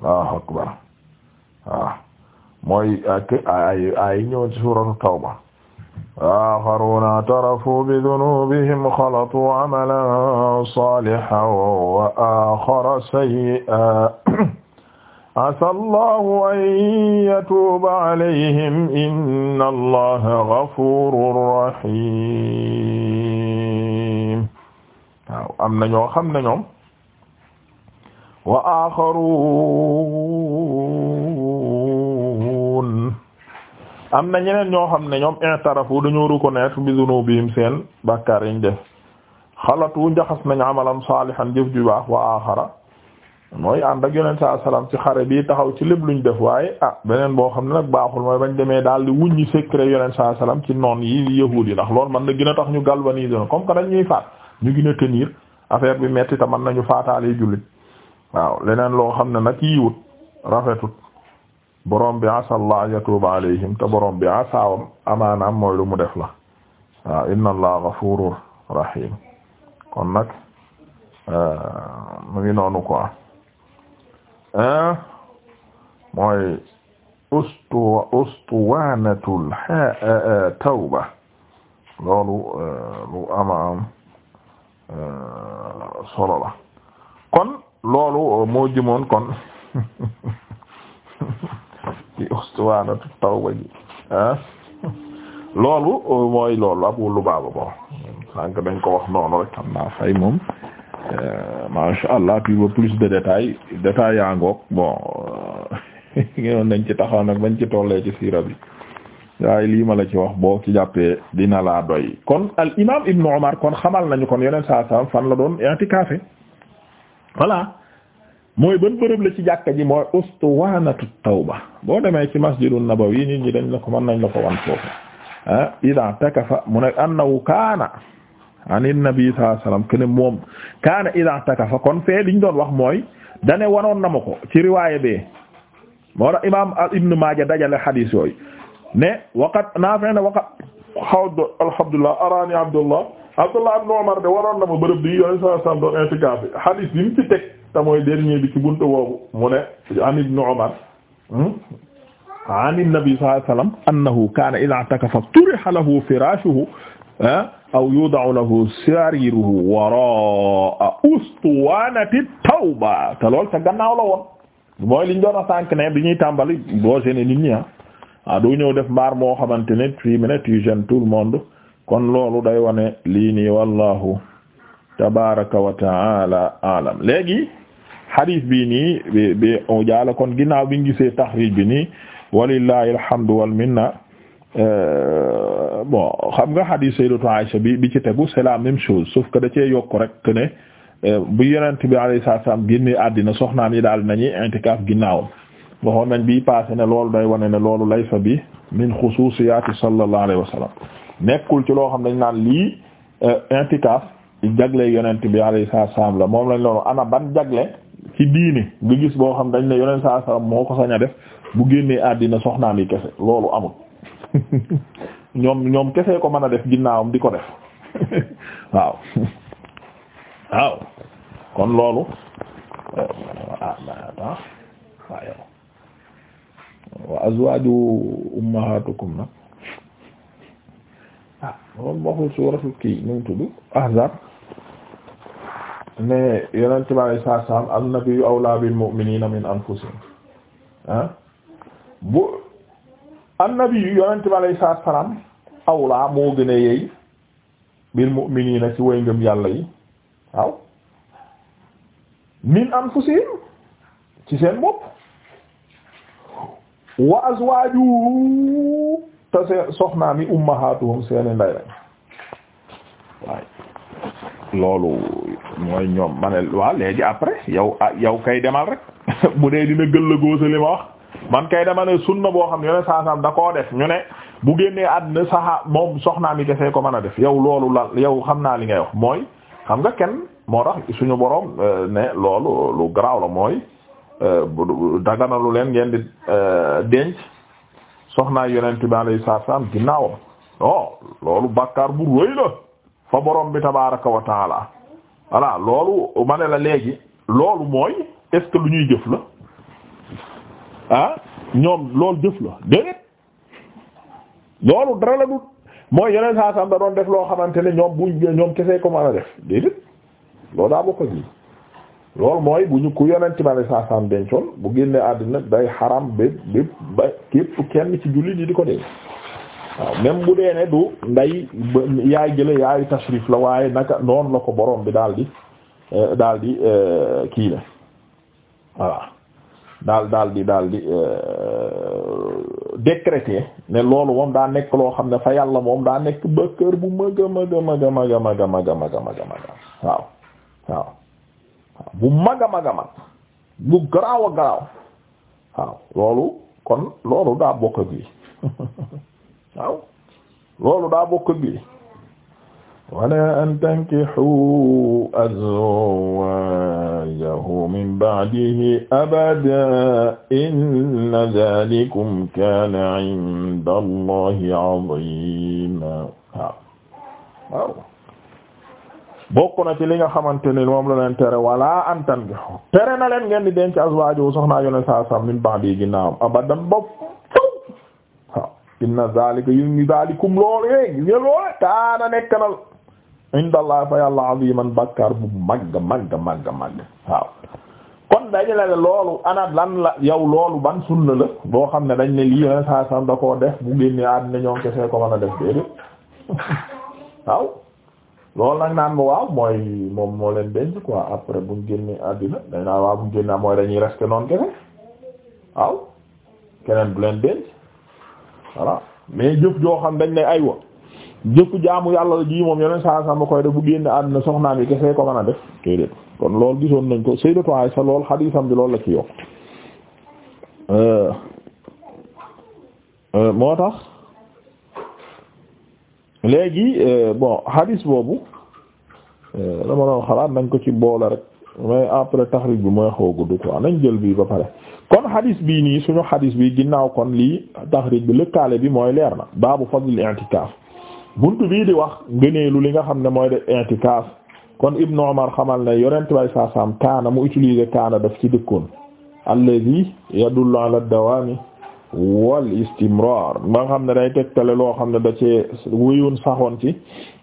Allahu akbar waaw ah, mooy ak ah, ah, ay ay ñëw ci suuratu tawba axaruuna atarafu bi dunubihim xalatu amalan salihan wa axara sayyi'an asaa allahu an yatuuba alayhim inna allaha gafuurun rahiim waaw am na ñoo xam ne ñoom waa axaruun am na ñeneen ñoo xam ne ñoom i'tarafu dañoo reconnaître bi zunubihim seen bàkkaar yiñ def xalatu njaxas nañ amalan saalihan jëf ju baax wa axara mooy ànd ak yonent saa salaam ci xare bi taxaw ci lépp luñ def waaye a ah, beneen boo xam ne nag baaxul mooy bañ demee daal di wuññi secret yonent saa salaam ci noon yi yahuud yi ndax loolu man na gën a tax ñu galvaniser comme que dañ ñuy faat ñu gën a tenir affaire bi metti te mën nañu faataalee jullit waaw leneen loo xam ne nag yiwut rafetut borom bi asallah yatuba alayhim te borom bi asaawam amaanaam mooy lu mu def la waaw inna allah ghafurur rahim kon nag mu ngi noonu quoi mooy ustu ustuwanatul tawba loolu lu ama am la kon loolu euh, moo jimoon kon ci ustuwaanatu tawba ji ah loolu euh, mooy loolu Abu Lubaaba bon sànq dañ ko wax noonu rek xam naa fay moom euh, masha Allah tu veux plus de détails détails yaa ngoog bon ngeen nañ ci taxaw nag bañ ci tollee ci siira bi waaye lii ma la ci wax boo ci jàppee dina laa doy kon al imaam Ibnu Umar kon xamal nañu kon yeneen saa fan la doon i'tikaafe voilà mooy ban bërëb la ci jàkka ji mooy ustuwanatu tawba boo demee ci masjidun nabawi nit ñi dañ la ko mën nañ la ko wan foofu ah ida takafa mu ne annahu kaana ani nabi sallallahu alayhi wasallam kene moom kaana ida takafa kon fee liñ doon wax mooy dane wanoon na ma ko ci riwaaya bee moo tax imam ibnu maaja dajale xadiis yooyu ne waqat naafee ne waqat alhamdulillah araani abdullah Abdullah ibn Umar de waroon na ma bërëb bi yooyu saa saa doon i'tikaaf bi hadith bi mu ci teg te mooy dernier bi ci buntu boobu mu ne an ibn Umar hmm? an nabi sallallahu alayhi wasallam annahu kaana idhaa i'takafa turiha lahu firaashuhu aw yuda'u lahu sariiruhu waraa'a ustuwaanati tawba te lool te gannaaw la woon mooy liñ doon a sànq ne bi ñuy tàmbali boo gêné nit ñi ah doo ñëw def mbaar moo xamante ne fii mu ne tu gênes tout le monde. kon loolu day wane lii nii wallahu tabaraka wa taala alam léegi hadith bi nii bi bi kon ginnaaw bi ñu gisee taxrij bi nii walillahi alhamdu wal minna euh, bon xam nga hadith sayyidatu Aisha bi bi ci tegu c'est la même chose sauf que da cee yokk rek que ne euh, bu yonent bi alayhi salaam génnee àddina soxnaam yi daal nañuy intikaaf ginnaawam waxoon nañ bi passé ne loolu day wane ne loolu laysa bi min xususiyaati sallallahu alayhi wa sallam nekkul ci loo xam dañ naan lii euh, intikaaf jagle yonent bi alayhi salaam la moom lañ loolu ana ban jagle ci diine nga gis boo xam dañ ne yonent saa salaam moo ko sañ a def bu génnee àddina soxnaam yi kese loolu amul ñoom ñoom kese ko mën a def ginnaawam di ko def waaw waaw kon loolu euh, ah, wa azwaaju ummahatukum nag moom waxul suuratu kii nu mu tudd ahzab ne yonent bi alayhi salaatu salaam annabiyyu awlaa bil mu'miniina min anfusihim ah bu annabiyyu yonent bi alayhi salaatu awlaa moo gën a yeey bil mu'miniina ci way ngëm yàlla yi waaw min anfusihim ci seen bopp wa azwaajuhu te seen soxnaa mi ummahatuhum seeni nday lañ waaye loolu mooy ñoom ma ne waaw léegi après yow ah, yow kay demal rek bu dee dina gël la góosa li ma wax man kay dama ne sunna boo xam ne yone da koo def ñu ne bu génnee àddina saxa moom soxnaa mi defee ko mën a def yow loolu la yow xam naa li ngay wax mooy xam nga kenn moo tax suñu boroom euh, ne loolu lu garaaw la mooy euh, daganalu leen ngeen di euh, denc soxnaay yonent bi alayhi salaam ginnaawam oh loolu bàkkaar bu rëy la fa borom bi tabaaraka wa taala voilà loolu ma ne la léegi loolu mooy est que lu ñuy jëf la ah ñoom lool jëf la déedéet loolu dara la du mooy yeneen saa sam da doon def loo xamante ne ñoom bu ñoom kese ko mën a def déedéet loolu daa bokk ak loolu mooy bu ñu ku yonent ma ne saasam dencoon bu génnee àddina day xaram bépp bépp ba képp kenn ci jullit yi di ko denc waaw même bu dee ne du nday yaay jële yaayu tashrif la waaye naka noonu la ko boroom bi daal di daal di kii ne voilà daal daal di daal di décréter ne loolu moom daa nekk loo xam ne fa yàlla moom daa nekk ba kër bu mag a mag a mag a mag a mag a mag a mag bu mag a bu garaaw a garaaw waaw loolu kon wala an tankihu azwajahu min ba'dihi abada inna dhalikum kana 'inda allahi 'azima waaw bokk na ci li nga xamante ne moom la leen tere wala antan bi tere na leen ngeen di denc azwaajo soxnaa yoneen saa sam min ba'di ginnaawam abadan ba waaw inna zalika yu ngi zalikum loolu yé eh, gis ngeen loole nekk na indallah fa yàlla aziman bakkar bu magga magga magga magga waaw kon dañu la loolu ana lan la yow loolu ban sunna la boo xam ne dañ ne lii yoneen saa da koo def bu génne àddina ñoom kese ko mën a def déedéet waaw loolu nag naan ma waaw mooy moom moo leen denc quoi après buñ génnee àddina dañ naan bu buñ génnee mooy dañuy rester noonu kese waaw keneen bu leen denc voilà mais jëf joo xam dañ ne aywa jëfu jaamu yàlla la ji moom yeneen saa sama koy def bu génne àddina soxnaam yi kese ko mën a def déedéet kon loolu gisoon nañ ko Sayyidatu Aisha lool xadiisam bi loolu la ci yokk euh, euh, moo tax léegi euh, bon hadis boobu euh, dama doon xalaat nañ ko ci boole rek mais après taxrij bi mooy xaw gudd quoi nañ jël bii ba pare kon hadis bii nii suñu hadis bi ginnaaw kon lii taxrij bi lëkkaale bi mooy leer na baabu fadlil i'tikaaf buntu bii di wax ngëneelu li nga xam ne mooy de i'tikaaf kon Ibnu Umar xamal ne yonent bay saasaam kaana mu utilise kaana daf ci dëkkoon allazi yadullu ala dawaami wal istimrar ba xam ne day tegtale loo xam ne da cee wéyoon saxoon ci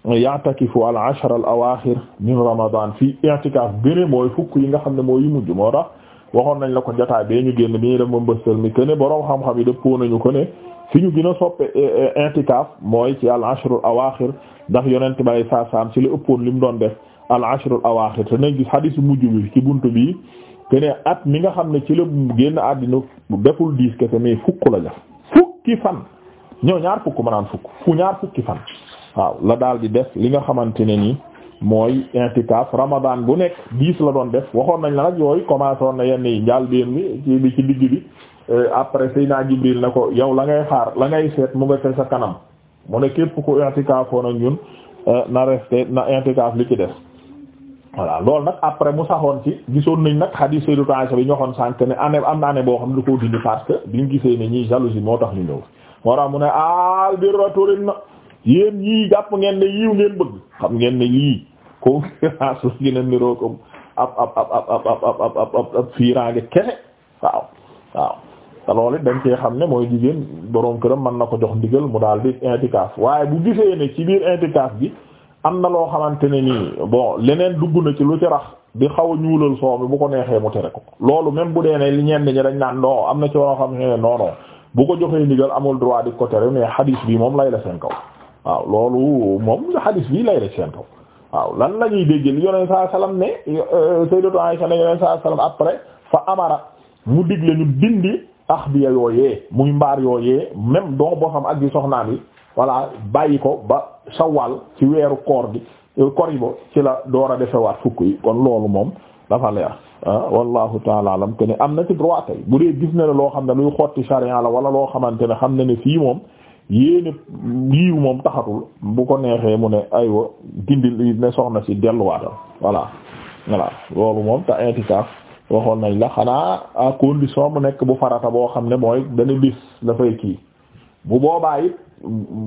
ya'takifu al ashar al awaaxir min ramadan fii i'tikaaf gëne mooy fukk yi nga xam ne moo yu mujj moo tax waxoon nañ la ko jotaay bee ñu génn bi ñuy dem ba mbëstal mi këne boroom xam-xam yi dëppoo nañu ko ne fi ñu gën a soppe eh, eh, i'tikaaf mooy ci al ashar al awaaxir ndax yonent bay saa ci li ëppoon li mu doon def al ashar al awaaxir te nañ gis mujj bi ci bunt bi kene at mi nga xam ne ci la génn àddina bu deful diis kese mais fukk la la fukki fan ñoo ñaar fukk ma fukk fu ñaar fukki fan waaw la daal di def li nga xamante ne nii mooy intikaaf ramadan bu nekk diis la doon def waxoon nañ la nag yooyu commencé woon na yenn yi njaal bi ci bi ci digg bi euh, après Seydina Jibril na ko yow la ngay xaar la ngay seet mu nga sa kanam mu ne képp ku intikaafoon ak ñun euh, na resté na intikaaf li ci des voilà loolu nag après mu saxoon ci gisoon nañ nag xadiis Sayyidatu Aisha bi ñu waxoon sànq ne année am na année boo xam ne da koo dindi parce que biñ gisee ne ñii jalousie moo tax ñu ñëw moo tax mu ne al ah, birra turinna yéen ñii jàpp ngeen ne yiw ngeen bëgg xam ngeen ne lii concurrence la gën niroo ko ab ab ab ab ab ab xam ne mooy jigéen boroom këram mën na ko jox ndigal mu daal di intikaaf waaye bu gisee ne ci biir intikaaf bi. am na loo xamante ne nii bon leneen dugg na ci lu ci rax di xaw a ñuulal soo mi bu ko neexee mu tere ko loolu même bu dee ne li ñenn ñi dañ naan non am na ci loo xam ne non non bu ko joxee ndigal amul droit di ko tere mais hadis bi moom lay la seen kaw waaw loolu moom hadis bi lay la seen kaw waaw lan la ñuy dégg li yoneen saa salaam ne euh, Sayyidatu ne yoneen saa salaam après fa amara mu digle ñu dindi axbiya yooyee muy mbaar yooyee même doo boo xam ak di soxnaan yi voilà bàyyi ko ba. sawaal ci weeru koor gi euh, koribo ci la door a defewaat fukk yi kon loolu moom dafa leer ah, wallahu taala alam te ne am na ci droit tay bu dee gis na loo xam ne luy xotti sharia la wala loo xamante ne xam na ne fii moom yéene liiw moom taxatul bu ko neexee mu ne aywa dindi ne soxna si delluwaatal voilà voilà loolu moom te intikaaf waxoon nañ la xanaa à condition mu nekk bu farata boo xam ne mooy dana bis dafay kii bu boobaa it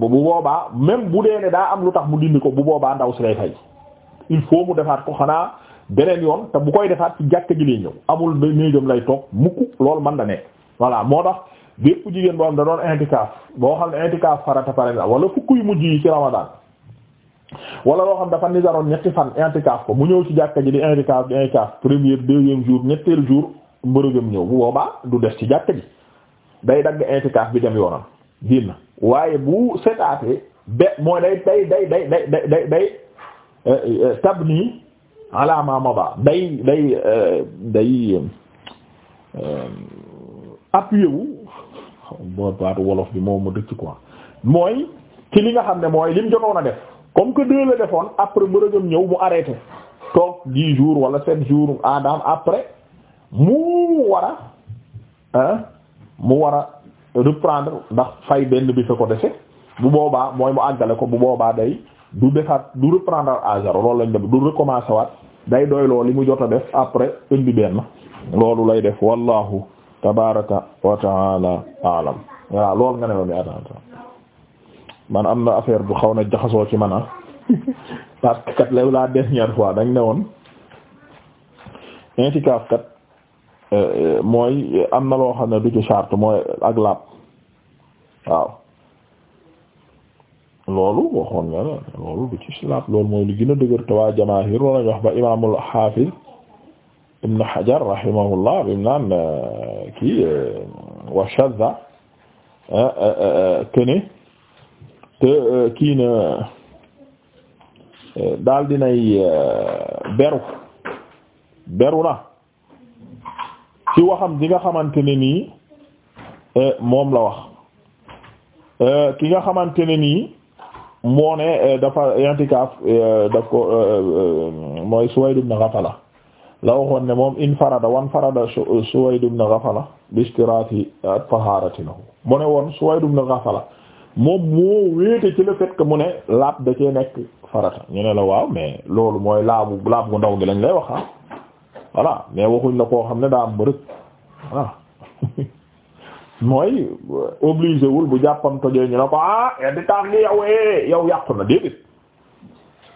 bu boobaa même bu dee ne daa am lu tax mu dindi ko bu boobaa ndaw si lay fay il faut mu defaat ko xanaa beneen yoon te bu koy defaat ci jàkka ji lay ñëw amul ba néegam lay toog mukk loolu man da ne voilà moo tax bépp jigéen boo am da doon intikaaf boo xam ne intikaaf farata par exemple wala fukk yu mujj yi ci ramadaan wala loo xam dafa nisaroon ñetti fan intikaaf ko mu ñëw ci jàkka ji di intikaaf di intikaaf premier deuxième jour ñetteel jour mbërëgam ñëw bu boobaa du des ci jàkka ji day dagg intikaaf bi dem yoonam génn waaye bu setaatee be mooy day day day day day day day day euh, ma mada day day euh, day euh, appuyé wu bo baatu wolof bi moom ma dëkk quoi mooy ci li nga xam ne mooy lim jotoon a def comme que deux la defoon après bërëgëm ñëw mu arrêté toog dix jours wala sept jours adam après mu war a mu war reprendre ndax fay benn bi fa ko defe bu boobaa mooy mu àggale ko bu boobaa day du defaat du reprendre à loolu du recommencer waat day doy loolu li mu jot a def après indi benn loolu lay def wallahu tabaraka wa taala alam voilà loolu nga ne ma man am na affaire bu xaw na jaxasoo ci mana ah parce que kat la la dernière fois dañ ne woon intikaf kat mooy am na loo xam ne du ci charte mooy ak laab waaw loolu waxoon nga ne loolu du ci laab loolu mooy lu gën a dëgër te waa jamaahir loolu wax ba xaafiz ibn Hajar rahimahullah bi mu euh, kii euh, wa euh, kene kii na daal dinay beru beru na ci waxam ji nga xamante ne nii eh, moom la wax eh, ki nga xamante ne nii moo ne eh, dafa intikaaf daf ko mooy Suwayd ibn Ghafala la waxoon ne moom in farada wan farada Suwayd ibn Ghafala bi ishtiraati tahaarati lahu mu ne woon Suwayd ibn Ghafala moom moo wéete ci le fait que mu ne laab da cee nekk farata ñu ne la waaw mais loolu mooy laabu laab gu ndaw gi lañ lay wax ah. voilà mais waxuñ la koo xam ne daa am bërëg mooy obligé wul bu jàppam tojee ñu ne ko ah di tax gi yow eh, yow yàqu na déedéet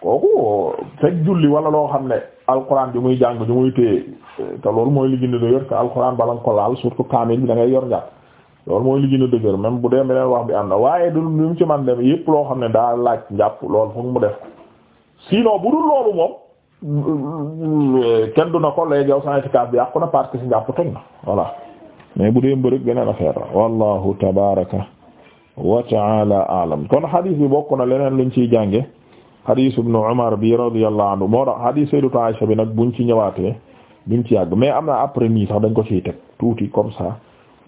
kooku fekk julli wala loo xam ne alxuraan bi muy jàng bi muy téye te loolu mooy li gën a dëgër te alxuraan bala nga laal surtout kaamil bi da ngay yor njàpp loolu mooy li gën a dëgër même bu dee beneen wax bi am na waaye du mu ci man dem yëpp loo xam ne daa laaj njàpp loolu foog mu def ko sinon bu dul loolu moom. kenn du na ko léegi yow sa bi yàqu na parce que si njàpp na voilà mais bu dee mbërëg beneen a la wallahu tabaraka wa taala alam kon hadith bi bokk na leneen luñ ciy jànge hadith ibn Umar bi radiyallahu anhu moo tax hadith sayyidatu Aisha bi nag buñ ci ñëwaatee duñ ci yàgg mais am na après nii dañ ko ciy teg tuuti comme ça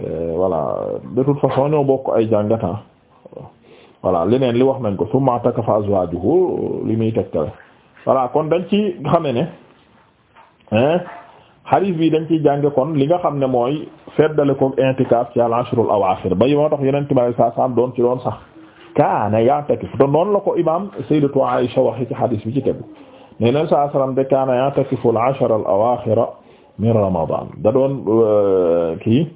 euh, voilà de toute façon ñoo bokk ay jàngata ah. voilà leneen li wax nañ ko summa takafa azwajuhu li muy tegtale voilà kon dañ ci xame ne xaris bi dañ ciy jànge kon li nga xam ne mooy feddale ko intikaaf ci al ashrul awaaxir ba moo tax yeneen tubaab saa saam doon ci doon sax kaana ya'takifu te noonu la ko imaam sayyidatu Aisha waxe ci xadis bi ci tegu ne leen de kaana ya'takifu al ashra al awaaxir min Ramadan da doon euh, kii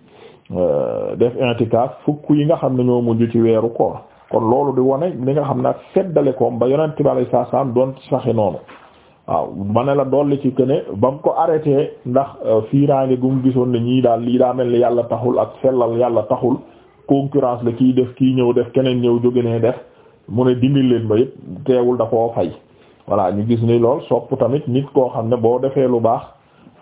euh, def intikaaf fukk yi nga xam ne ñoo mujj ci weeru koor kon loolu di wane li nga xam ne ak feddale koom ba yonent bi alayhi salaam doon saxe noonu waaw ma ne la dolli ci këne ne ba mu ko arrêté ndax euh, fiiraange gu mu gisoon ne ñii daal lii daa mel ni yàlla taxul ak sellal yàlla taxul concurrence la kiy def kii ñëw def keneen ñëw jóge ne def mu ne dindi leen ba yëpp teewul dafoo koo fay. voilà ñu gis ni lool sopp tamit nit koo xam ne boo defee lu baax.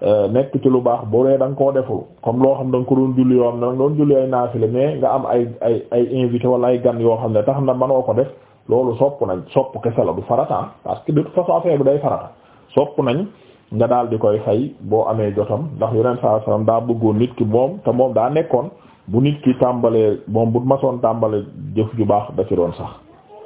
Euh, nekk ci lu baax boo dee da koo deful comme loo xam da nga ko doon julli yoo xam ne da nga doon julli ay naafile mais nga am ay ay invité wala ay gan yoo xam ne tax na manoo ko def loolu sopp nañ sopp kese la du farata parce que de toute façon bi day farata sopp nañ nga daal di koy fay boo amee jotam ndax yeneen saa salaam daa bëggoon nit ki moom te moom daa nekkoon bu nit ki tàmbalee moom bu masoon tàmbalee jëf ju baax da ci doon sax.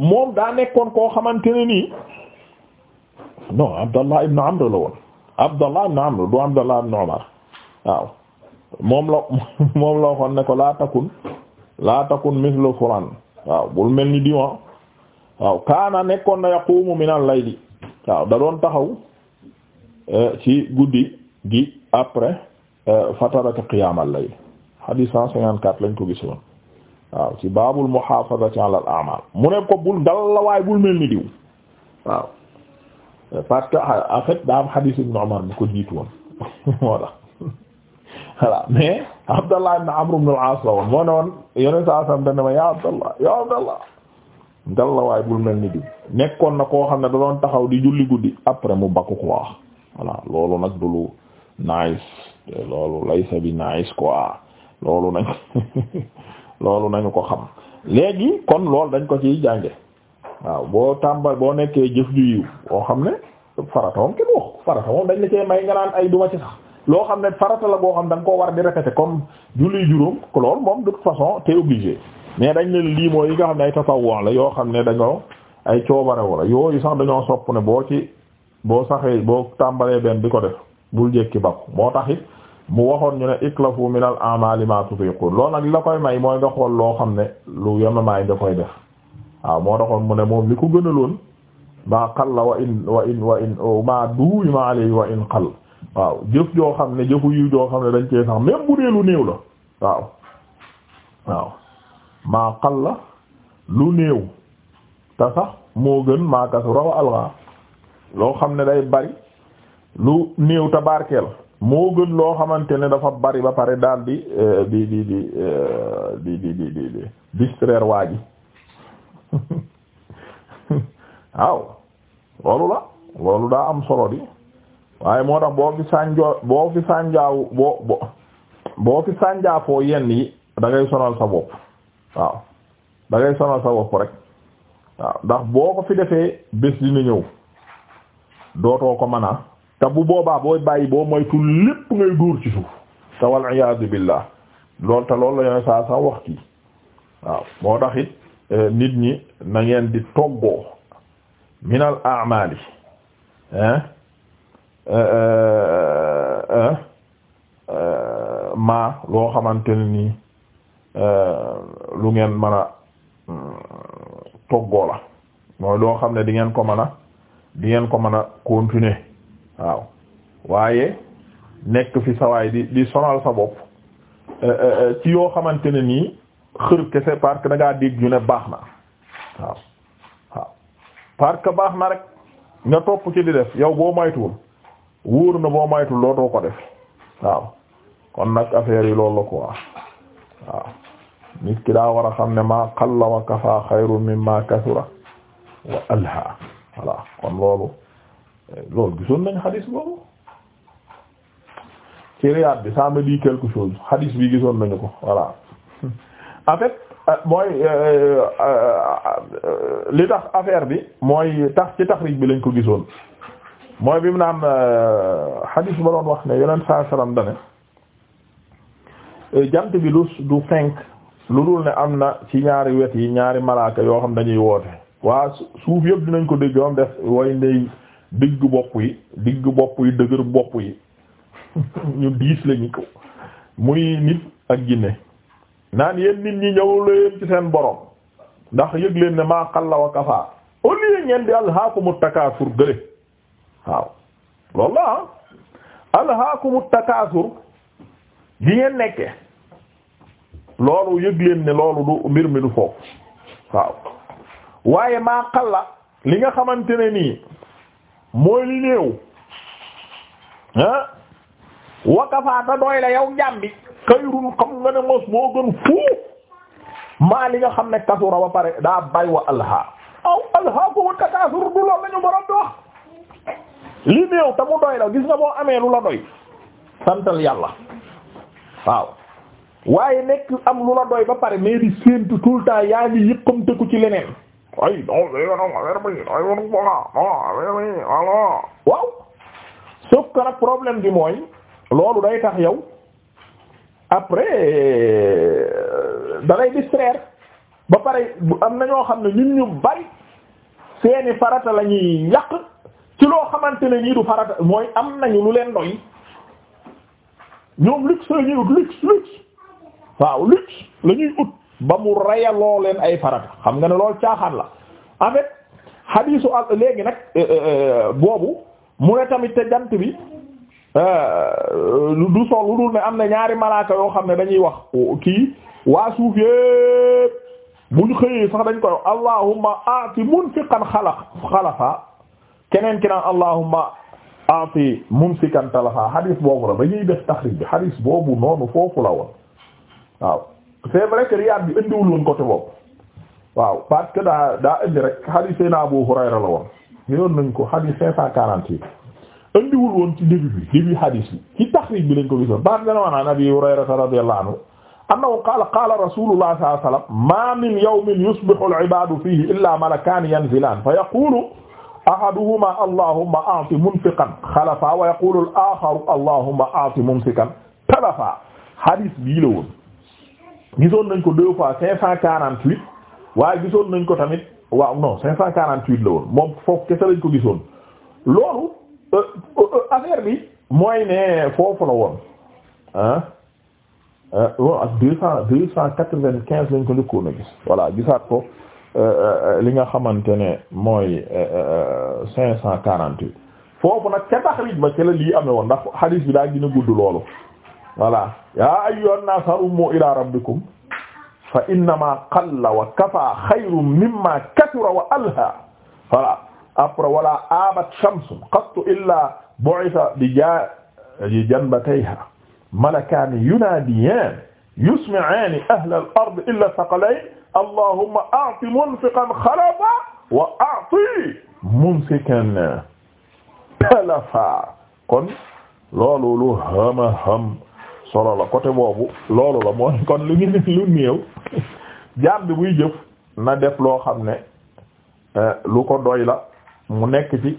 moom daa nekkoon koo xamante ne nii non Abdallah ibn Amr la woon Abdallah ibn Amr du Abdallah ibn Umar waaw moom la moom la waxoon ne ko laa takun laa takun mislu fulan waaw bul mel ni diwan ah. waaw kaana nekkoon na yaqumu min al-layli waaw da doon taxaw eh, ci guddi gi après eh, fataraka qiyam al-layl hadith 154 lañ ko gis gisoon waaw ci baabul muhaafazati ala a'maal mu ne ko bul gàllawaay bul mel ni diw waaw parce que en fait daa am hadith bu ko jiitu woon moo tax mais Abdallah ibn Amr ibn al la woon moo woon yeneen saa sam dana ma yaa Abdallah yaa Abdallah gàllawaay bul mel ni diw nekkoon na koo xam ne da doon taxaw di julli guddi après mu bakku ko wax voilà loolu nag du lu nice loolu laysa bi nice quoi loolu nag. loolu nañu ko xam léegi kon loolu dañ ko ciy jànge waaw boo tàmbal boo nekkee jëf gi yiw boo xam ne farata moom kenn dañ la cee may nga naan ay duma ci sax loo xam ne farata la boo xam da nga koo war di répéter comme julli juróom loolu moom de toute façon t'es obligé mais dañ ne lii mooy yi nga xam ne ay tatawwu la yoo xam ne dañoo ay coobare wala yooyu sax dañoo sopp ne boo ci boo saxee boo tàmbalee benn di ko def bul jekki bakku moo taxit mu waxoon ñu ne iklafu min al a'mali ma tutiqun loolu nag la koy may mooy nga xool loo xam ne lu yemamaay nga koy def waaw moo taxoon mu ne moom li ko gënaloon maa qalla wa in wa in wa in ma duima wa in qall waaw jëf joo xam ne jëfu yiw joo xam ne dañ cee sax même bu dee lu néew la waaw waaw maa qalla lu néew te sax moo gën maa kasura wa algha loo xam ne day bari lu néew te barkeel moo gën loo xamante ne dafa bari ba pare daal di euh, euh, di di di di di waa ji waaw loolu la loolu daa am solo di waaye moo tax boo fi sànjoo sànjaawu boo boo fi sànjaafoo yenn yi dangay ngay sonal sa bopp waaw da ngay sonal sa bopp rek waaw ndax boo ko fi defee bés dina ñëw dootoo ko mën a te bu boobaa booy bàyyi boo moytul lépp ngay dóor ci suuf te wal iyaadu billah loolu te loolu la yone saa saa wax waaw moo tax eh, nit ñi na ngeen di toggoo minal amali hein eh, eh, maa loo xamante ne nii lu ngeen mën a mm, toggoo la mooy loo xam ne di ngeen ko mën a di ngeen ko mën a continuer waaw waaye nekk fi sawaay di di sonal sa bopp eh, eh, eh, ci yoo xamante ne nii xër kese parce que da ngaa dégg ñu ne baax na waaw waaw que baax na rek nga topp ci di def yow boo moytuwul wóor na boo moytuwul lootoo ko def waaw kon nag affaire yi loolu la ko waaw waaw nit ki daa war a xam ne maa qalla wa kafa xayrun mimma kasura wa alha voilà kon loolu loolu gisoon nañ xadis boobu ci Riyad bi ça me dit quelque chose xadis bi gisoon nañu ko voilà en euh, mooy euh, euh, li tax affaire bi mooy tax ci taxrij bi lañ ko gisoon mooy bi mu naan xadis ba doon wax ne yonent saa salaam dane jant bi du du fenk lu dul ne am na ci ñaari wet yi ñaari malaaka yoo xam dañuy woote waa suuf yëpp dinañ ko dégg moom def digg bopp yi digg bopp yi dëgër bopp yi ñu diis lañu ko muy nit ak jinne naan yéen nit ñi ñëw leen ci seen borom ndax yëg leen ne maa xalla wa kafa au lieu ngeen di alhaakumu takaasur gële waaw loolu la ah alhaakumu takaasur gi ngeen nekke loolu yëg leen ne loolu du mbir mi du foofu waaw waaye maa xalla li nga xamante ne nii mooy li néew ah wakafaata doy la yow jàmbi bi xam nga ne mos moo gën fuuf maa li nga xam ne kasura ba pare daa bay wa alha aw alha ko wa takaasur du lool lañu borom di li néew te mu doy la gis nga boo amee lu la doy santal yàlla waaw waaye nekk am lu la doy ba pare mais di séentu le temps yaa ngi yëkkamte ku ci leneen ay non léegi nag affaire bi ay wonu waaw sauf que nag problème bi mooy loolu day tax yow après da lay distraire ba pare am na ñoo xam ne ñun ñu bari seeni farata la ñuy yàq ci loo xamante ne ñii du farata mooy am nañu lu leen doy ñoom luxe la ñuy ut luxe luxe waaw luxe la ut ba mu rayaloo leen ay farata xam nga ne loolu caaxaan la en fait xadiisu al léegi nag euh, euh, euh, boobu mu ne tamit te jant bi du sol lu dul ne am na ñaari malaaka yoo xam ne dañuy wax kii waa suuf yépp bu ñu xëyee sax dañ koy allahumma aati munfiqan xalafa keneen ki naan allahumma aati mumsikan talafa xadiis boobu la ba ñuy def taxrij bi xadiis boobu noonu foofu la woon c'est vrai que riyaad bi indiwul woon côté boobu waaw parce que daa daa indi rek hadith Seydina Abu Hurayra la woon yoon nañ ko hadith cinq cent quarante yi indiwul woon ci début bi début hadith bi ci taxriij bi lañ ko gisoon baax dana wax naan Abi Hurayra radiyallahu anhu annahu qaala qaala rasulullah sallallahu alayhi wasallam ma min yawmin yusbihu al-ibaadu fiihi illaa malakaani yanzilaan fa yaqulu ahaduhumaa allahumma a'ti munfiqan xalafaa wa yaqulu al-aaxaru allahumma a'ti mumsikan talafaa hadith bii la woon gisoon nañ ko deux fois cinq cent quarante huit waaye gisoon nañ ko tamit waaw non cinq cent quarante huit la woon moom foofu kese lañ ko gisoon loolu euh, euh, euh, affaire bi mooy ne foofu la woon ah ak deux cent deux cent quatre-vingt-quinze lañ ko njëkkoon a gis voilà gisaat ko li nga xamante ne mooy cinq cent quarante huit foofu nag ca taxrij ba ca la lii amee woon ndax hadis bi daa gën a gudd loolu voilà yaa ayyuhan naas rumu ila rabbikum fa innama qalla wa kafa xayrun mimma kathura wa alha voilà après wala abat shamsun qattu illa bu'itha bi janbatayha malakaani yunaadiyaani yusmi'aani ahla al-ard illa thaqalayn allahumma a'ti munfiqan xalafa wa a'ti mumsikan talafa kon loolu lu xam-xam solo la côté boobu loolu la mooy kon lu ñu lu néew jaam bi buy jëf na def loo xam ne euh, lu ko doy la mu nekk ci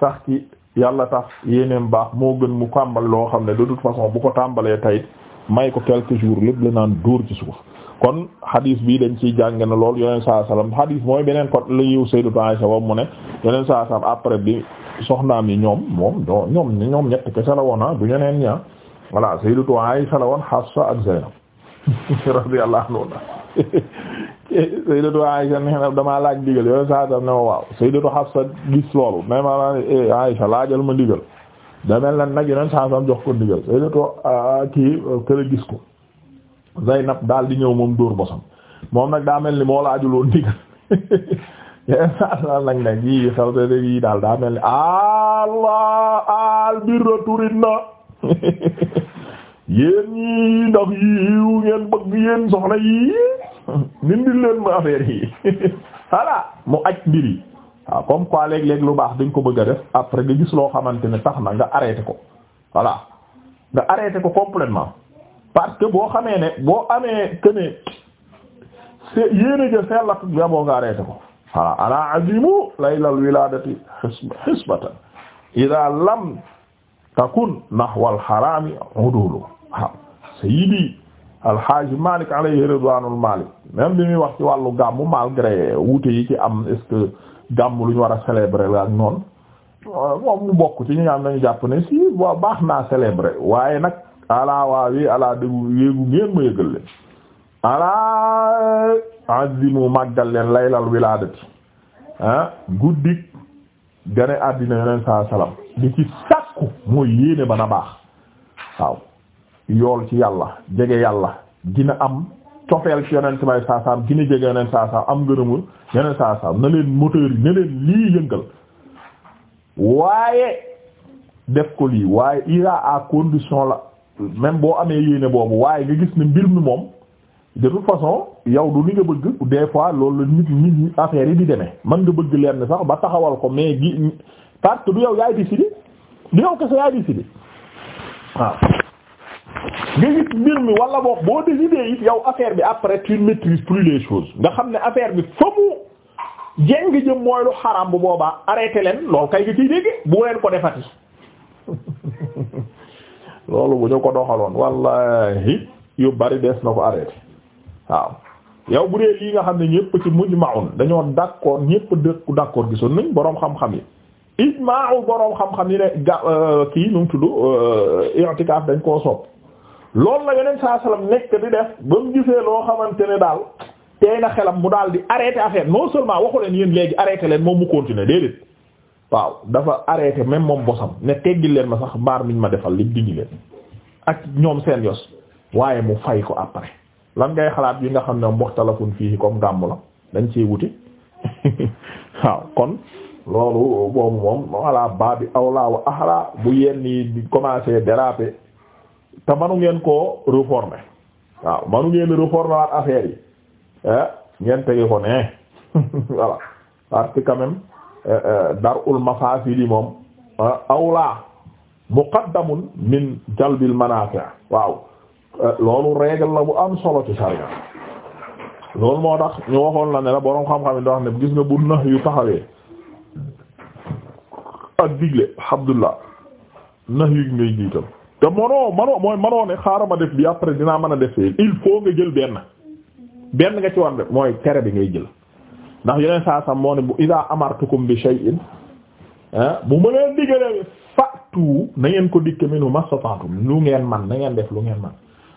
sax ci yàlla tax yéeneem baax moo gën mu tàmbal loo xam ne de toute façon bu ko tàmbalee tey may ko quelques jours lépp la naan dóor ci suuf kon hadis bii dañ ciy jàng na lool yeneen saa salaam hadis mooy beneen côté la yiw Sayyidatu Aisha wa mu ne yeneen saa salaam après bi soxnaam yi ñoom moom ñoom ñoom ñett kese la woon ah, du ñeneen ñaa voilà sayyidatu Aisha la woon Hafsa ak Zaynab radiyallahu anha sayyidatu Aisha nee na damaa laaj ndigal yooyu saa ne ma waaw sayyidatu Hafsa gis loolu ne ma eh, laajal ma ndigal damel na nag yi saa sam jox ko ndigal sayyidatu ah, ah, kii kële gis ko Zaynab daal di ñëw moom dóor bosam moom nag daa mel ni moo laajuloon ndigal yeneen saa nag nag yii xew te daal daa mel ni allah al birra turinna yéen ñii ndax yiw ngeen bëgg yéen soxna yii nindil leen ma affaire yi voilà mu aj mbir yi waaw comme quoi léeg-léeg lu baax dañ ko bëgg a def après nga gis loo xamante ne tax na nga arrêté ko voilà nga arrêté ko complètement parce que boo xamee ne boo amee que ne yéene ja sellat nga boo nga arrêté ko voilà ala azimu laylal wiladati xisbatan ida lam takun nahwal xaraami udulu waaw sayyidi alhaaji Malik alayhi ridwanul Malik même bi muy wax ci wàllu gàmmu malgré wuute yi ci am est gàmmu lu ñu war a célébrer la ak noonu moom mu bokk ci ñi nga am nañu jàpp ne si wa baax naa célébrer waaye nag alaa waawi alaa déggu yéegu ngeen ma yëgal leen alaa azimu màggal leen laylal wilaadati ah, guddik gane àddina yoneen saa salaam di ci sàkku mooy yéene ba na baax waaw yool ci yàlla jege yàlla dina am cofeel ci yonent bay saasaam dina jege yonent saasaam am ngërëmul yonent saasaam na leen moteur yi na leen lii yëngal waaye def ko lii waaye ira à condition la même boo amee yéene boobu waaye nga gis ne mbir mi moom de toute façon yow du li nga bëgg des fois loolu nit nit ñi affaire yi di demee man nga bëgg leen sax ba taxawal ko mais gi parce du yow yaay décidé di yow kese yaa décidé waaw nga gis mbir mi walla boog boo décidé it yow affaire bi après tu maîtrises plus les choses nga xam ne affaire bi fa mu jeng jëm mooy lu xaram bu boobaa arrêté leen loolu kay nga ciy dégg bu leen ko defati loolu bu ñu ko doxaloon wallahi yu bari des na ko arrêté waaw yow bu dee lii nga xam ne ñépp ci mujma'un dañoo d'accord ñépp dëkku d'accord gisoon nañ boroom xam-xam yi. ijma'u boroom xam-xam yi ne ga euh, kii nu mu tudd euh, i'tikaf dañ koo sopp loolu la yeneen saa salaam nekk di def ba mu gisee loo xamante ne daal tey na xelam mu daal di arrêté affaire non seulement waxu leen yéen léegi arrêté leen moom mu continuer déedéet waaw dafa arrêté même moom bosam ne teggil leen ma sax mbaar miñ ma defal liñ dindi leen ak ñoom seen yos waaye mu fay ko après lan ngay xalaat yi nga xam ne muxtalafun fii comme gàmm la dañ cee wuti loolu boobu moom voilà baa bi awla wa ahla bu yenn yi di commencer te manu ngeen koo réformer waaw manu ngeen réformer waat affaire yi ah ngeen tege ko ne voilà parce que quand même eh, eh, darul mafaasili moom awla min jalbil manaafi' waaw loolu règle la bu am solo ci sharia loolu moo tax ñu waxoon la ne la boroom xam-xam yi da wax gis nga bu nax yu taxawee ak digle alhamdulilah nax yu ngay jiital te manoo manoo mooy manoo ne xaaral def bi après dinaa mën a def il faut nga jël benn benn nga ci war def mooy tere bi ngay jël ndax yeneen saa sam moo ne bu idaa amartukum bi shay'in ah, bu ma leen diggalee fatu na ngeen ko dikke minu mastata'tum lu ngeen man na def lu ngeen man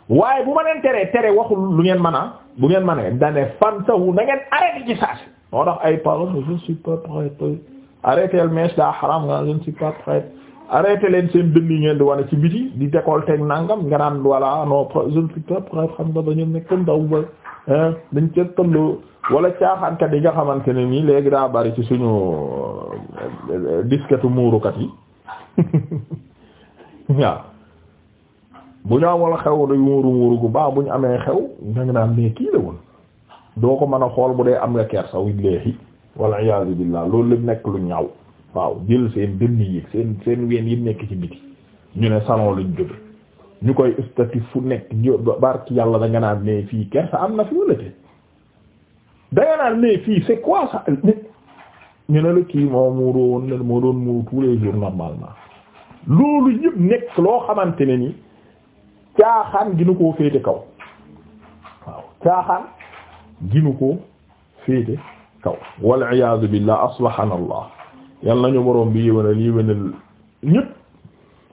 waaye bu ma leen teree tere waxul lu ngeen man ah, bu ngeen man a dane fantahu na ngeen arrêté ci saasi moo tax ay parole je arrêté leen mèche daa xaram nga je ne suis pas prêt arrêté leen seen dënnu ngeen di wane ci biti di décolleté teg nangam nga naan voilà non je ne suis pas prêt xam nga dañu nekk comme daw ba dañ cee toll wala caaxaankat yi nga xamante ne nii léegi daa bari ci suñu euh, disketu muurukat yi waaw bu ñu amul xew de muuru gu baax bu ñu amee xew nga naan mais kii la woon doo ko mën a xool bu dee am nga kersa wu léegi. wal iyaazu billaah loolu lañ nekk lu ñaaw waaw jël seen dënn yi seen seen ween yi nekk ci biti ñu ne salon luñ jóge ñu koy statut fu nekk barki yàlla da nga naan ne fii kersa am na fi wala te da nga ne fii c'est quoi ça ñu ne la kii moo muuroo woon len doon muur tous les jours loolu yëpp nekk loo xamante ne ni caaxaan ginu ko féete kaw waaw caaxaan ginu koo féete kaw wal iyaazu billah aslahana allah yal nañu borom bi yéwénal yéwénal ñëpp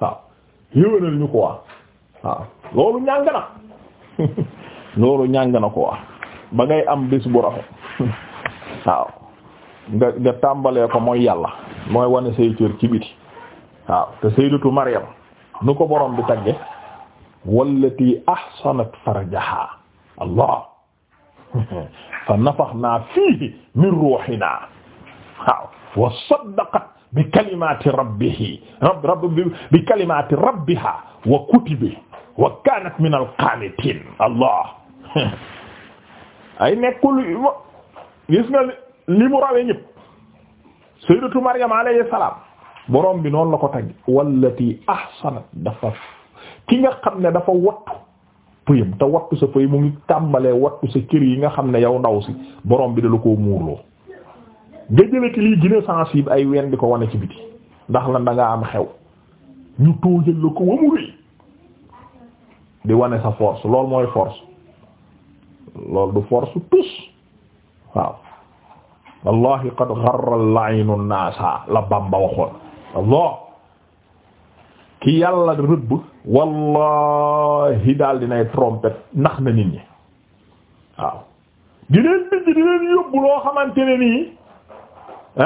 waaw yéwénal ñu ko waa waaw loolu ñàng na loolu ñàng na ko waa ba ngay am bés bu rafet waaw nga tàmbalee ko mooy yàlla mooy wane say cër ci biti waaw te sayyidatu Maryam nu ko borom bi tagge wallati ahsanat farjaha allah fa nafaxnaa fiihi min ruuhinaa waaw wa saddaqat bi kalimaati rabbihi rabb rabb bi kalimaati rabbihaa wa kutubihi wa kaanat minal qaanitiin allah ay nekkul gis nga li mu rawee ñëpp sayyidatu Maryam alayhi salaam borom bi noonu la ko tagg wallati ahsanat dafa ki nga xam ne dafa wattu pëyam te wattu sa pëy mu ngi tàmbalee wattu sa cër yi nga xam ne yow ndaw si borom bi dala koo muurloo nga jële ci lii gën a sensible ay wen di ko wane ci biti ndax la da am xew ñu tóojal la ko wamuréy di wane sa force loolu mooy force loolu du force tous waaw wallahi qad gharra al-la'inu la Bamba waxoon Allah ki yàlla rëbb wallahi daal dinay trompet nax na nit ñi waaw di leen bijj di leen yóbbu loo xamante ne nii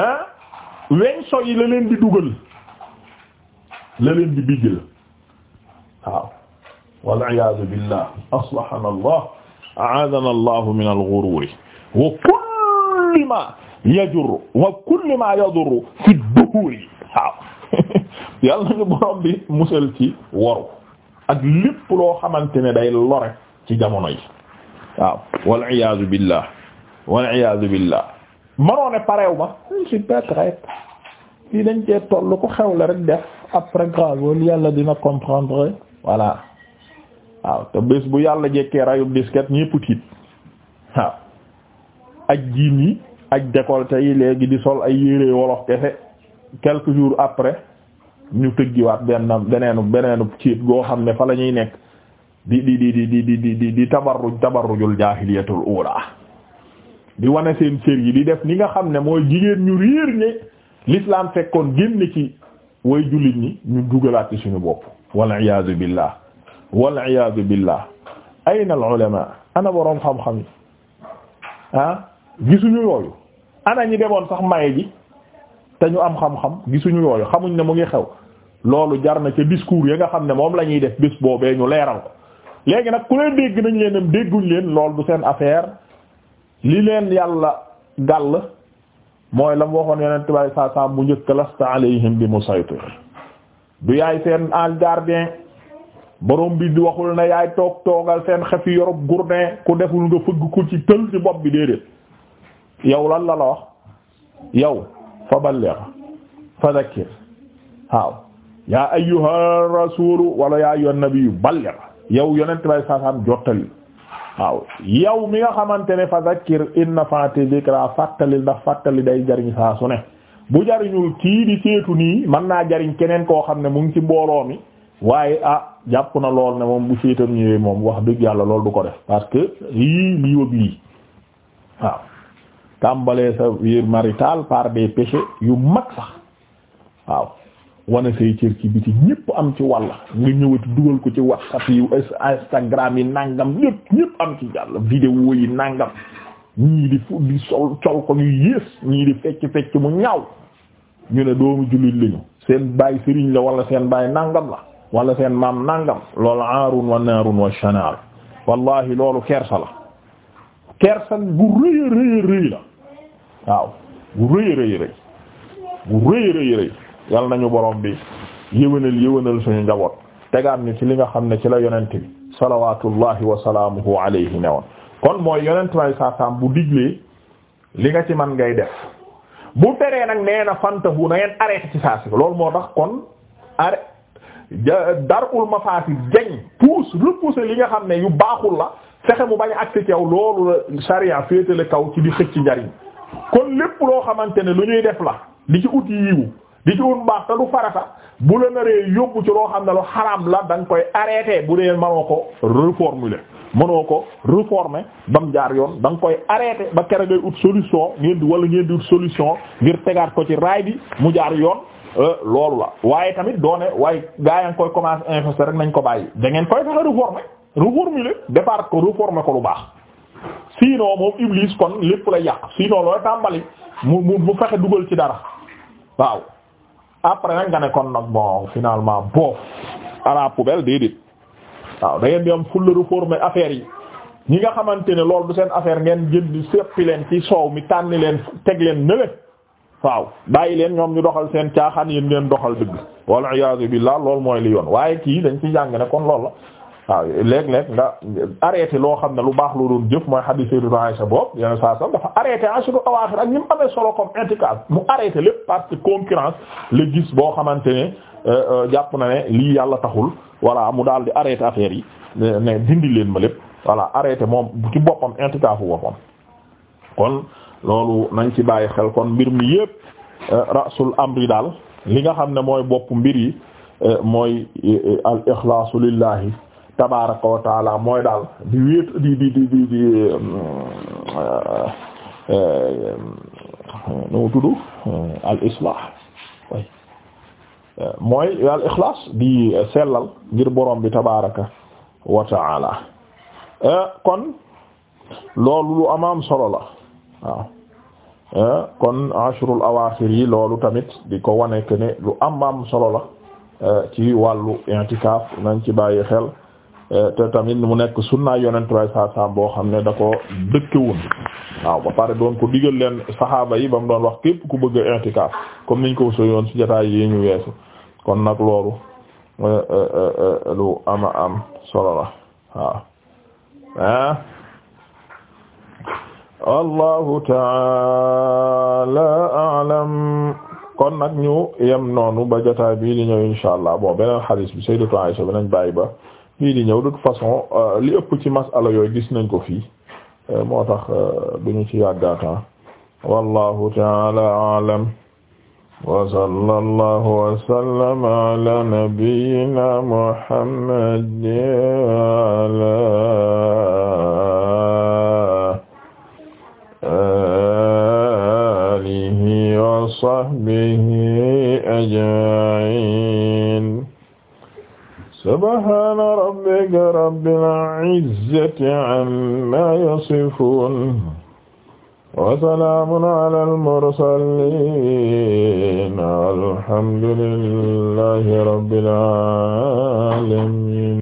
ah weñ so yi la leen di dugal la leen di bijj la waaw waliyasu billah aslahana allah aadana allahu min alghururi wa kulli ma yajur wa kulli ma yadur fi duhuri waaw yàlla nañu borom bi musal ci woru ak lépp loo xamante ne day lore ci jamono yi waaw wal iyaazu billah wal iyaazu billah mënoo ne pareew ma je dañ cee toll ku xew la rek def après grave loolu yàlla dina comprendre voilà waaw te bés bu yàlla jekkee rayub disket ñépp tiit waaw ak jiin yi ak décolleté yi léegi di sol ay yére wolof kese quelques jours après ñu tëggiwaat benn beneenu beneenu ciit goo xam ne fa la ñuy nekk di di di di di di di di jaahiliyatul ula di wane seen cër yi di def ni nga xam ne mooy jigéen ñu riir ñi l'islam fekkoon génn ci way jullit ñi ñu dugalaat ci suñu bopp wal iyaazu billah wal iyaazu billah ayna al ana boroom xam-xam yi ah gisuñu yooyu ana ñi demoon sax maye ji dañu am xam-xam gisuñu yooyu xamuñ ne mu ngi xew loolu jar na ca discours ya nga xam ne moom lañuy def bés boobee ñu leeral ko léegi nag ku leen dégg nañ leen dégguñ leen lool du seen affaire li leen yàlla gàll mooy la mu waxoon yeneen tubaab yi saa saa mu njëkk lasta alayhim bi musaytir du yaay seen en gardien borom bi di waxul na yaay toog toogal seen xef yi yorub gourdin ku deful nga fëgg ko ci tël ci bopp bi déedéet yow lan la la wax yow. fa balligh fa dhakkir waaw yaa ayyuha rasulu wala yaa ayyuha nabiyyu balligh yow yonent bay saasaam jottali waaw yow mi nga xamante ne fa dhakkir in nafa'ati dhikra fàttali ndax fàttali day jariñ saa ne bu jariñul kii di seetu nii mën naa jariñ keneen koo xam ne mu ngi ci mbooloo mi waaye ah jàpp na lool ne moom bu seetam ñëwee moom wax dugg yàlla lool du ko def parce que lii lii wëg lii waaw tàmbalee sa biir marital par des péchés yu mag sax waaw wane say cër ci biti ñëpp am ci walla nga ñëwati dugal ko ci whatsapp yi instagram yi nàngam ñëpp ñëpp am ci jàll vidéo yi nangam ñii di fu di sol col ko ñu yées ñii di fecc fecc mu ñaaw ñu ne doomu jullit lañu seen baay sëriñ la wala seen baay nangam la wala seen maam nangam loolu aarun wa naarun wa shanaar wallahi loolu kersa la kersa bu rëy rëy rëy la waaw bu rëy rëy rëy bu rëy rëy yal nañu borom bi yëwénal yëwénal suñu njaboot tegaat ñu ci li nga xam ne ci la yonent bi salawatullahi wa salaamuhu alayhi ne woon kon mooy yonent may bu diglee li nga ci man ngay def bu teree nag nee na fantahu na ngeen arrêté ci saa si loolu moo tax kon arrêt darul mafasid jañ pousse repousser li nga xam ne yu baaxul la fexe mu bañ a ci yow loolu la sharia féetale kaw ci di xëcc njariñ kon lépp loo xamante ne lu ñuy def la li ci ut yiwu di ci ut mbaax te du farata bu la naree yóbbu ci loo xam ne lu xaraam la da nga koy arrêté bu dee mënoo ko reformuler mënoo ko réformer ba mu jaar yoon da nga koy arrêté ba kere ngay ut solution ngeen di wala ngeen di ut solution ngir tegaat ko ci raay bi mu jaar yoon euh, loolu la waaye tamit doone waaye gaa yaa ngi koy commencer investir rek nañ ko bàyyi da ngeen koy fexe réformer reformuler départ ko réformer ko lu baax sinon moom Iblis kon lépp la yàq sinon looy tàmbali mu mu mu fexe dugal ci dara waaw après nag nga ne kon nag bon finalement boof à la poubelle déedéet waaw da ngeen di am fulla réformer affaire yi ñi nga xamante ne lool du seen affaire ngeen jël di leen ci soow mi tànni leen teg leen nële waaw bàyyi leen ñoom ñu doxal seen caaxaan yéen ngeen doxal dëgg wal iyaazu billaah loolu mooy li yoon waaye kii dañ ci jàng ne kon loolu la waaw léeg-léeg nga arrêté loo xam ne lu baax loo doon jëf mooy hadith Sayyidatu Aisha boobu yeneen saa sam dafa arrêté ashru awaaxir ak ñi mu amee solo comme intikaf mu arrêté lépp parce que concurrence la gis boo xamante ne euh, euh, jàpp na ne lii yàlla taxul voilà mu daal di arrêté affaire yi ne dindi leen ma lépp voilà arrêté moom ci boppam intikafu boppam kon loolu nañ ci bàyyi xel kon mbir mi yépp euh, rasul amri daal li nga xam ne mooy bopp mbir yi mooy al ikhlaasu lillahi tabaraka wa mooy daal di wéet di di di di euh, euh, euh, mooy al ixlaas di sellal ngir borom bi tabaraka wa taala kon loolu lu amaam solo la kon ashrul awaaxir yi loolu tamit di ko wane que lu amaam solo la ci wàllu i'tikaaf nañ ci bàyyi xel Eh, te tamit mu nekk sunna yonent way saa saam boo xam ne da ko dëkkewun waaw ba pare doon ko digal leen saxaaba yi ba mu doon wax képp ku bëgg a intikaaf comme niñ ko so yoon ci jotaay yi ñu weesu kon nag loolu eh, eh, lu ama am solo la waaw ah allahu taala alam kon nag ñu yem noonu ba jotaay bii ñu ñëw insha allah bon beneen xadiis bi sayyidatu Aisha beneen bàyyi ba bii di ñëw de toute façon euh, li ëpp ci masala yooyu gis nañ ko fii euh, moo tax euh, duñu ci yàggaataan ah. wallahu ta'ala a'lam wa sallallahu wa sallama ala nabiyyina muhammad ala alihi wa sahbihi ajma'in subhaana rabbika rabbil izzati ammaa yasifuun wa salaamun alal mursaliin alhamdulillaahi rabbil aalamiin